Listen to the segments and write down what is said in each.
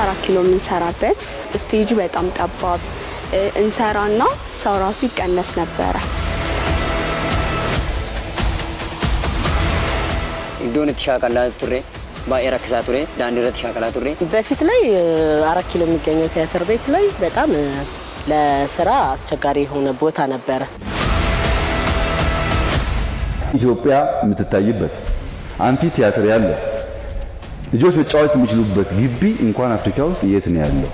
አራት ኪሎ የምንሰራበት ስቴጁ በጣም ጠባብ እንሰራና ሰው ራሱ ይቀነስ ነበረ። ዶን ተሻቀላ ቱሬ ባኤ ቱሬ ዳንድረ ተሻቀላ ቱሬ በፊት ላይ አራት ኪሎ የሚገኘው ቲያትር ቤት ላይ በጣም ለስራ አስቸጋሪ የሆነ ቦታ ነበረ። ኢትዮጵያ የምትታይበት አንፊ ቲያትር ያለ ልጆች መጫወት የሚችሉበት ግቢ እንኳን አፍሪካ ውስጥ የት ነው ያለው?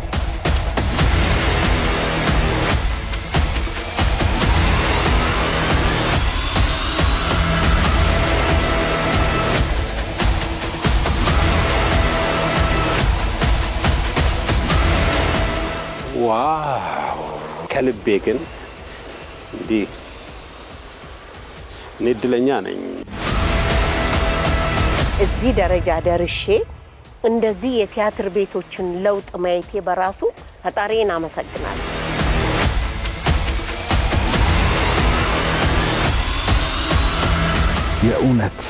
ዋው! ከልቤ ግን እንዲህ እኔ እድለኛ ነኝ። እዚህ ደረጃ ደርሼ እንደዚህ የቲያትር ቤቶችን ለውጥ ማየቴ በራሱ ፈጣሪን አመሰግናለሁ። የእውነት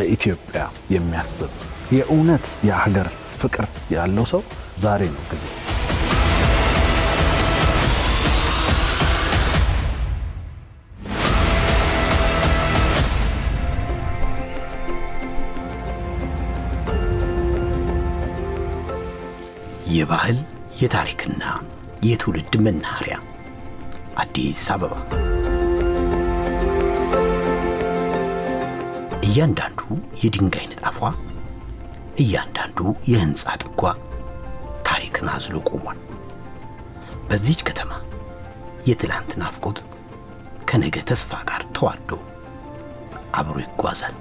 ለኢትዮጵያ የሚያስብ የእውነት የሀገር ፍቅር ያለው ሰው ዛሬ ነው ጊዜ የባህል የታሪክና የትውልድ መናኸሪያ አዲስ አበባ። እያንዳንዱ የድንጋይ ንጣፏ፣ እያንዳንዱ የህንፃ ጥጓ ታሪክን አዝሎ ቆሟል። በዚች ከተማ የትላንት ናፍቆት ከነገ ተስፋ ጋር ተዋዶ አብሮ ይጓዛል።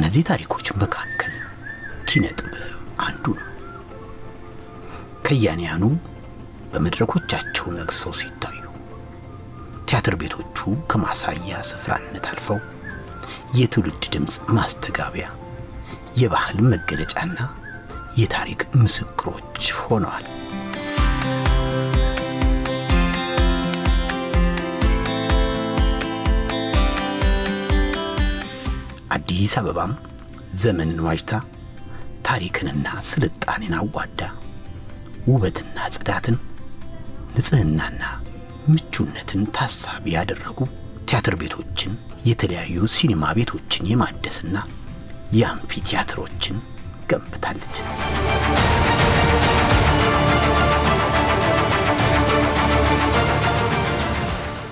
ከእነዚህ ታሪኮች መካከል ኪነ ጥበብ አንዱ ነው። ከያንያኑ በመድረኮቻቸው ነግሰው ሲታዩ፣ ቲያትር ቤቶቹ ከማሳያ ስፍራነት አልፈው የትውልድ ድምፅ ማስተጋቢያ፣ የባህል መገለጫና የታሪክ ምስክሮች ሆነዋል። አዲስ አበባም ዘመንን ዋጅታ ታሪክንና ስልጣኔን አዋዳ ውበትና ጽዳትን፣ ንጽህናና ምቹነትን ታሳቢ ያደረጉ ቲያትር ቤቶችን፣ የተለያዩ ሲኒማ ቤቶችን የማደስና የአምፊ ቲያትሮችን ገንብታለች።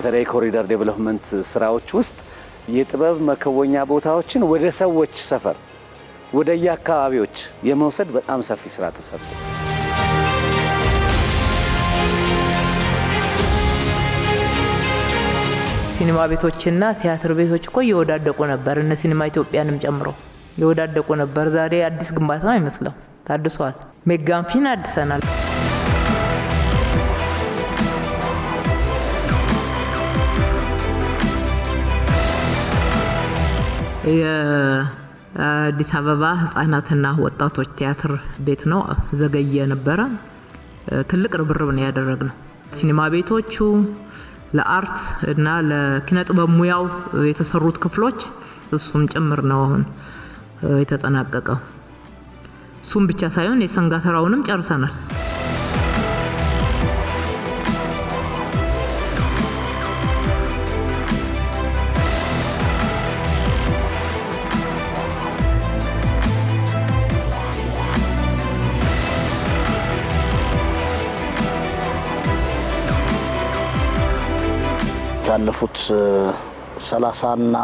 በተለይ ኮሪደር ዴቨሎፕመንት ስራዎች ውስጥ የጥበብ መከወኛ ቦታዎችን ወደ ሰዎች ሰፈር ወደ የአካባቢዎች የመውሰድ በጣም ሰፊ ስራ ተሰርቶ ሲኒማ ቤቶችና ቲያትር ቤቶች እኮ እየወዳደቁ ነበር። እነ ሲኒማ ኢትዮጵያንም ጨምሮ እየወዳደቁ ነበር። ዛሬ አዲስ ግንባታ አይመስለው ታድሷል። ሜጋንፊን አድሰናል። የአዲስ አበባ ህጻናትና ወጣቶች ቲያትር ቤት ነው። ዘገየ ነበረ። ትልቅ ርብርብ ነው ያደረግነው። ሲኒማ ቤቶቹ ለአርት እና ለኪነ ጥበብ ሙያው የተሰሩት ክፍሎች እሱም ጭምር ነው አሁን የተጠናቀቀው። እሱም ብቻ ሳይሆን የሰንጋተራውንም ጨርሰናል። ካለፉት ሰላሳና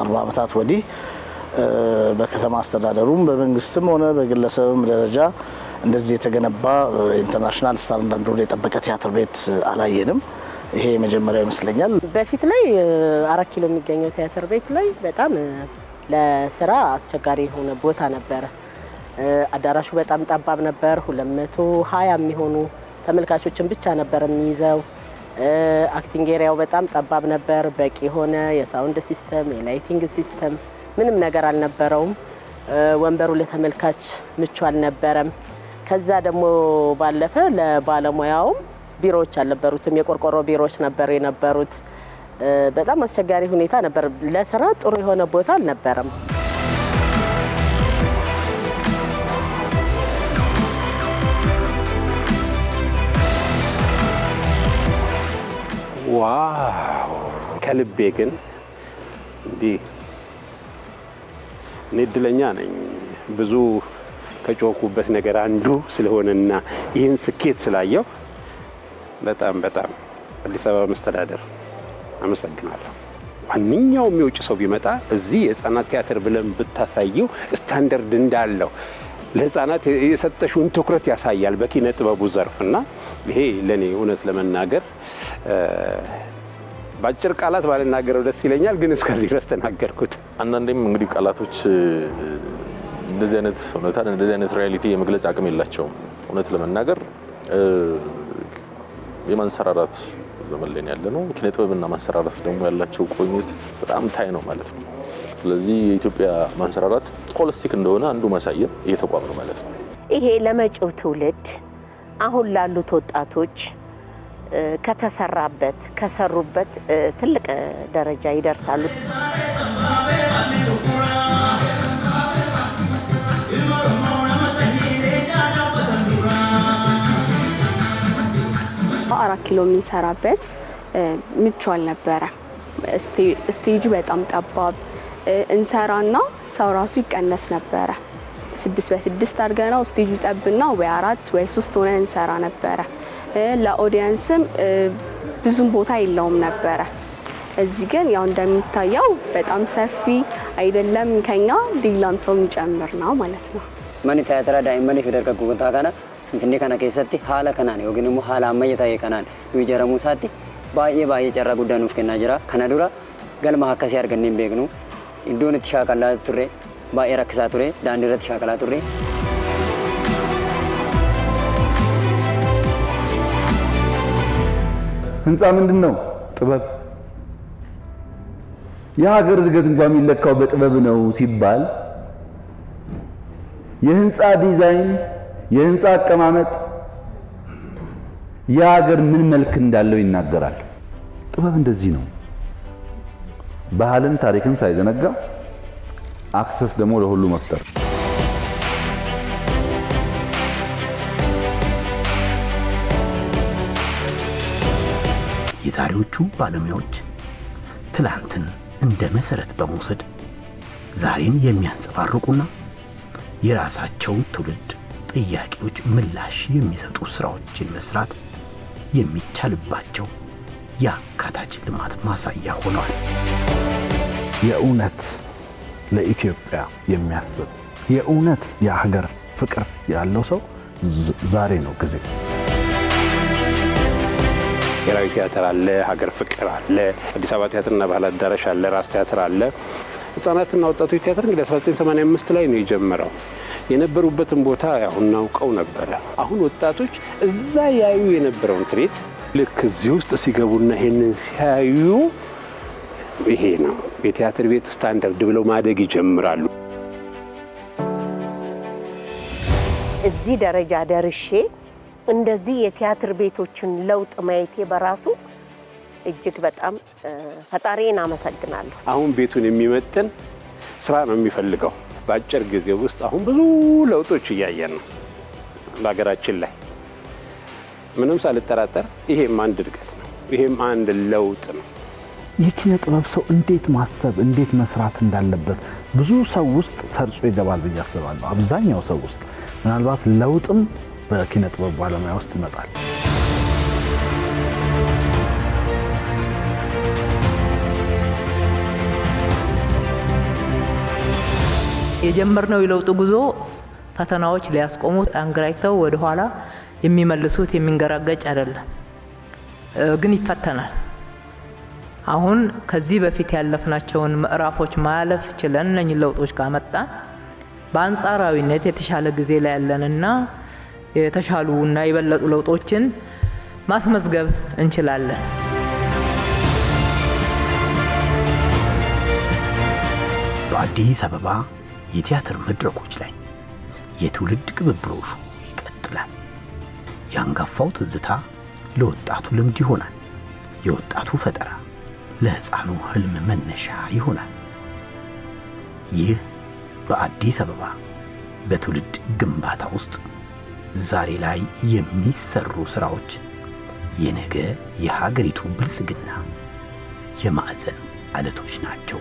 አርባ ዓመታት ወዲህ በከተማ አስተዳደሩም በመንግስትም ሆነ በግለሰብም ደረጃ እንደዚህ የተገነባ ኢንተርናሽናል ስታንዳርዱን የጠበቀ ቲያትር ቤት አላየንም። ይሄ መጀመሪያ ይመስለኛል። በፊት ላይ አራት ኪሎ የሚገኘው ቲያትር ቤት ላይ በጣም ለስራ አስቸጋሪ የሆነ ቦታ ነበረ። አዳራሹ በጣም ጠባብ ነበር። ሁለት መቶ ሀያ የሚሆኑ ተመልካቾችን ብቻ ነበር የሚይዘው። አክቲንግ ኤሪያው በጣም ጠባብ ነበር። በቂ የሆነ የሳውንድ ሲስተም፣ የላይቲንግ ሲስተም ምንም ነገር አልነበረውም። ወንበሩ ለተመልካች ምቹ አልነበረም። ከዛ ደግሞ ባለፈ ለባለሙያውም ቢሮዎች አልነበሩትም። የቆርቆሮ ቢሮዎች ነበር የነበሩት። በጣም አስቸጋሪ ሁኔታ ነበር። ለስራ ጥሩ የሆነ ቦታ አልነበረም። ዋው! ከልቤ ግን እንዲህ እኔ እድለኛ ነኝ ብዙ ከጮኩበት ነገር አንዱ ስለሆነና ይህን ስኬት ስላየው በጣም በጣም አዲስ አበባ መስተዳደር አመሰግናለሁ። ማንኛውም የውጭ ሰው ቢመጣ እዚህ የህፃናት ቲያትር ብለን ብታሳየው ስታንደርድ እንዳለው ለህፃናት የሰጠሽውን ትኩረት ያሳያል በኪነ ጥበቡ ዘርፍ እና ይሄ ለእኔ እውነት ለመናገር በአጭር ቃላት ባልናገረው ደስ ይለኛል፣ ግን እስከዚህ ድረስ ተናገርኩት። አንዳንዴም እንግዲህ ቃላቶች እንደዚህ አይነት እውነታን እንደዚህ አይነት ሪያሊቲ የመግለጽ አቅም የላቸውም። እውነት ለመናገር የማንሰራራት ዘመን ላይ ያለ ነው። ኪነ ኪነጥበብና ማንሰራራት ደግሞ ያላቸው ቆይት በጣም ታይ ነው ማለት ነው። ስለዚህ የኢትዮጵያ ማንሰራራት ሆሊስቲክ እንደሆነ አንዱ ማሳያ ይሄ ተቋም ነው ማለት ነው። ይሄ ለመጪው ትውልድ አሁን ላሉት ወጣቶች ከተሰራበት ከሰሩበት ትልቅ ደረጃ ይደርሳሉ። አራት ኪሎ የምንሰራበት ምቹ አልነበረ። ስቴጁ በጣም ጠባብ እንሰራና ሰው ራሱ ይቀነስ ነበረ። ስድስት በስድስት አድርገ ነው ስቴጁ ጠብና ወይ አራት ወይ ሶስት ሆነ እንሰራ ነበረ። ለኦዲየንስም ብዙም ቦታ የለውም ነበረ። እዚህ ግን ያው እንደሚታየው በጣም ሰፊ አይደለም፣ ከኛ ሌላም ሰው የሚጨምር ነው ማለት ነው። መኒ ቲያትራ ዳኢመኒ ፊደርቀጉጉታ ከነ እንትን ከነ ኬሰቲ ሀለ ከናን ዮግን ሞ ሀለ አመየታዬ ከናን ዩጀረሙ ሳቲ ባየ ባየ ጨራ ጉዳኑ ከና ጅራ ከነ ዱራ ገልማ ሀከሲ አርገን ቤግኑ iddoon itti shaakalaa turre baay'ee rakkisaa ture daandii irratti shaakalaa turre. ህንፃ ምንድን ነው? ጥበብ። የሀገር እድገት እንኳን የሚለካው በጥበብ ነው ሲባል የህንፃ ዲዛይን፣ የህንፃ አቀማመጥ የሀገር ምን መልክ እንዳለው ይናገራል። ጥበብ እንደዚህ ነው። ባህልን ታሪክን ሳይዘነጋ አክሰስ ደግሞ ለሁሉ መፍጠር የዛሬዎቹ ባለሙያዎች ትላንትን እንደ መሰረት በመውሰድ ዛሬን የሚያንጸባርቁና የራሳቸው ትውልድ ጥያቄዎች ምላሽ የሚሰጡ ስራዎችን መስራት የሚቻልባቸው የአካታች ልማት ማሳያ ሆኗል። የእውነት ለኢትዮጵያ የሚያስብ የእውነት የሀገር ፍቅር ያለው ሰው ዛሬ ነው ጊዜ። ብሔራዊ ቲያትር አለ፣ ሀገር ፍቅር አለ፣ አዲስ አበባ ቲያትርና ባህል አዳራሽ አለ፣ ራስ ቲያትር አለ። ህጻናትና ወጣቶች ቲያትር እንግዲህ 1985 ላይ ነው የጀመረው። የነበሩበትን ቦታ አሁን እናውቀው ነበረ። አሁን ወጣቶች እዛ ያዩ የነበረውን ትርኢት ልክ እዚህ ውስጥ ሲገቡና ይሄንን ሲያዩ ይሄ ነው የቲያትር ቤት ስታንዳርድ ብለው ማደግ ይጀምራሉ። እዚህ ደረጃ ደርሼ እንደዚህ የቲያትር ቤቶችን ለውጥ ማየቴ በራሱ እጅግ በጣም ፈጣሪን አመሰግናለሁ። አሁን ቤቱን የሚመጥን ስራ ነው የሚፈልገው። በአጭር ጊዜ ውስጥ አሁን ብዙ ለውጦች እያየን ነው በሀገራችን ላይ ምንም ሳልጠራጠር ይሄም አንድ እድገት ነው። ይሄም አንድ ለውጥ ነው። የኪነ ጥበብ ሰው እንዴት ማሰብ እንዴት መስራት እንዳለበት ብዙ ሰው ውስጥ ሰርጾ ይገባል ብዬ አስባለሁ። አብዛኛው ሰው ውስጥ ምናልባት ለውጥም በኪነ ጥበብ ባለሙያ ውስጥ ይመጣል። የጀመርነው የለውጥ ጉዞ ፈተናዎች ሊያስቆሙ አንገራጅተው ወደኋላ የሚመልሱት የሚንገራገጭ አይደለም፣ ግን ይፈተናል። አሁን ከዚህ በፊት ያለፍናቸውን ምዕራፎች ማለፍ ችለን እነኝን ለውጦች ካመጣ በአንጻራዊነት የተሻለ ጊዜ ላይ ያለንና የተሻሉና የበለጡ ለውጦችን ማስመዝገብ እንችላለን። በአዲስ አበባ የቲያትር መድረኮች ላይ የትውልድ ቅብብሎሹ ይቀጥላል። የአንጋፋው ትዝታ ለወጣቱ ልምድ ይሆናል። የወጣቱ ፈጠራ ለሕፃኑ ሕልም መነሻ ይሆናል። ይህ በአዲስ አበባ በትውልድ ግንባታ ውስጥ ዛሬ ላይ የሚሰሩ ስራዎች የነገ የሀገሪቱ ብልጽግና የማዕዘን አለቶች ናቸው።